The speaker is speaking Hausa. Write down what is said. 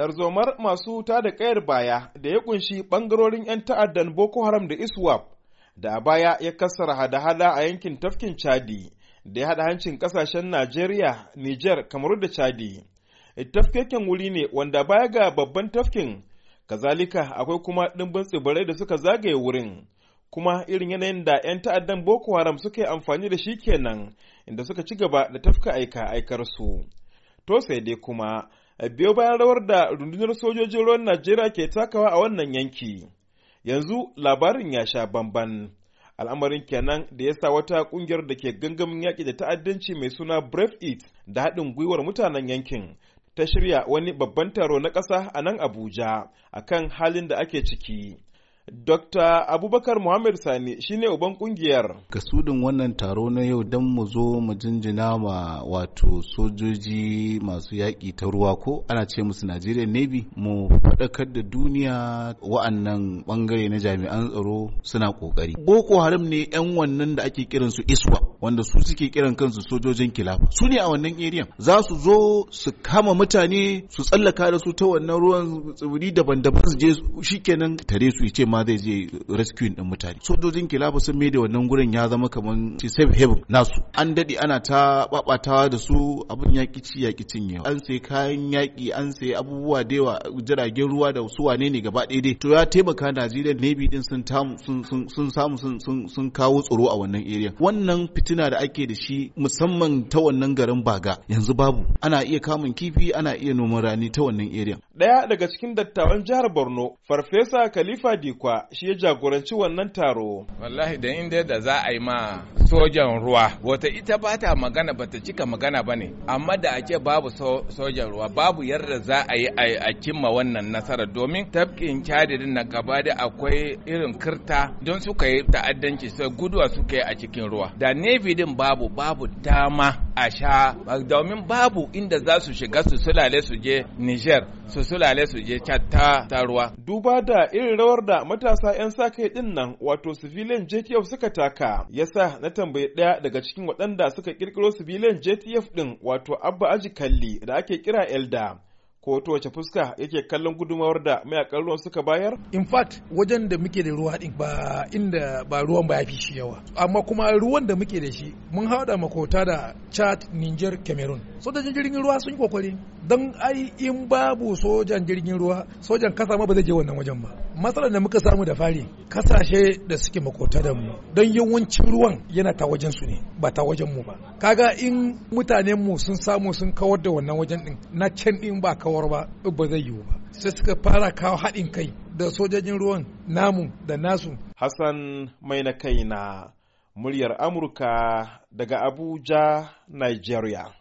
tarzomar masu ta da kayar baya da ya kunshi ɓangarorin 'yan ta'addan boko haram da iswap da a baya ya kassara hada-hada a yankin tafkin chadi da ya haɗa hancin ƙasashen najeriya niger kamaru da chadi e, tafkeken wuri ne wanda baya ga babban tafkin kazalika akwai kuma ɗimbin tsibirai da suka zagaye wurin kuma irin yanayin da 'yan ta'addan boko haram suka yi amfani da shi kenan inda suka ci gaba da tafka aika aikarsu su to sai dai kuma biyo bayan rawar da rundunar sojojin ruwan Najeriya ke takawa a wannan yanki. Yanzu labarin ya sha bamban. Al'amarin kenan da ya sa wata kungiyar da ke gangamin yaƙi da ta'addanci mai suna Brave It da haɗin gwiwar mutanen yankin ta shirya wani babban taro na ƙasa a nan Abuja akan halin da ake ciki. Dr. Abubakar Muhammad Sani shine uban kungiyar. Kasudin wannan taro na yau don mu zo mu jinjina ma wato sojoji masu yaƙi ta ruwa ko ana ce musu Najeriya Navy mu faɗakar da duniya wa'annan ɓangare na jami'an tsaro suna ƙoƙari. Boko Haram ne 'yan wannan da ake kiransu ISWAP. wanda su suke kiran kansu sojojin kilafa su ne a wannan area za su zo su kama mutane su tsallaka da su ta wannan ruwan tsibiri daban-daban su je shikenan tare su ce ma zai je rescue din mutane sojojin kilafa sun mai da wannan gurin ya zama kamar safe haven nasu an dade ana ta babatawa da su abin yaki ci yaki cinyewa an sai kayan yaki an sai abubuwa da yawa jiragen ruwa da su wane ne gaba ɗaya dai to ya taimaka Najeriya Navy din sun samu sun kawo tsaro a wannan area wannan fitina da ake da shi musamman ta wannan garin baga yanzu babu ana iya kamun kifi ana iya noman rani ta wannan area daya daga cikin dattawan jihar borno farfesa khalifa dikwa shi ya jagoranci wannan taro wallahi da inda da za a yi ma sojan ruwa wata ita ba ta magana ba ta cika magana ba ne amma da ake babu sojan ruwa babu yadda za a yi a cimma wannan nasara domin tafkin cadidin na gaba da akwai irin kirta don suka yi ta'addanci sai guduwa suka yi a cikin ruwa da ne davidin babu babu dama a sha domin babu inda za su shiga su sulale su je Niger su sulale su je ta ruwa. Duba da irin rawar da matasa 'yan sa kai din nan wato civilian JTF suka taka yasa na tambayi ɗaya daga cikin waɗanda suka kirkiro civilian JTF din wato Abba Aji Kalli da ake kira Elda. ko ta wace fuska yake kallon gudumawar da mayakan ruwan suka bayar? In fact wajen da muke da ruwa din ba inda ba ruwan ba ya fi shi yawa. Amma kuma ruwan da muke da shi mun haɗa makota da Chad, Niger, Cameroon. Sojojin jirgin ruwa sun yi kokari don ai in babu sojan jirgin ruwa sojan kasa ma ba zai je wannan wajen ba. Matsalar da muka samu da fari kasashe da suke makota da mu don yawancin ruwan yana ta wajen su ne ba ta wajen mu ba. Kaga in mutanen mu sun samu sun kawar da wannan wajen din na can din ba kawar kawar ba ba zai yiwu ba sai suka fara kawo haɗin kai da sojojin ruwan namu da nasu hassan mai na kai na muryar amurka daga abuja nigeria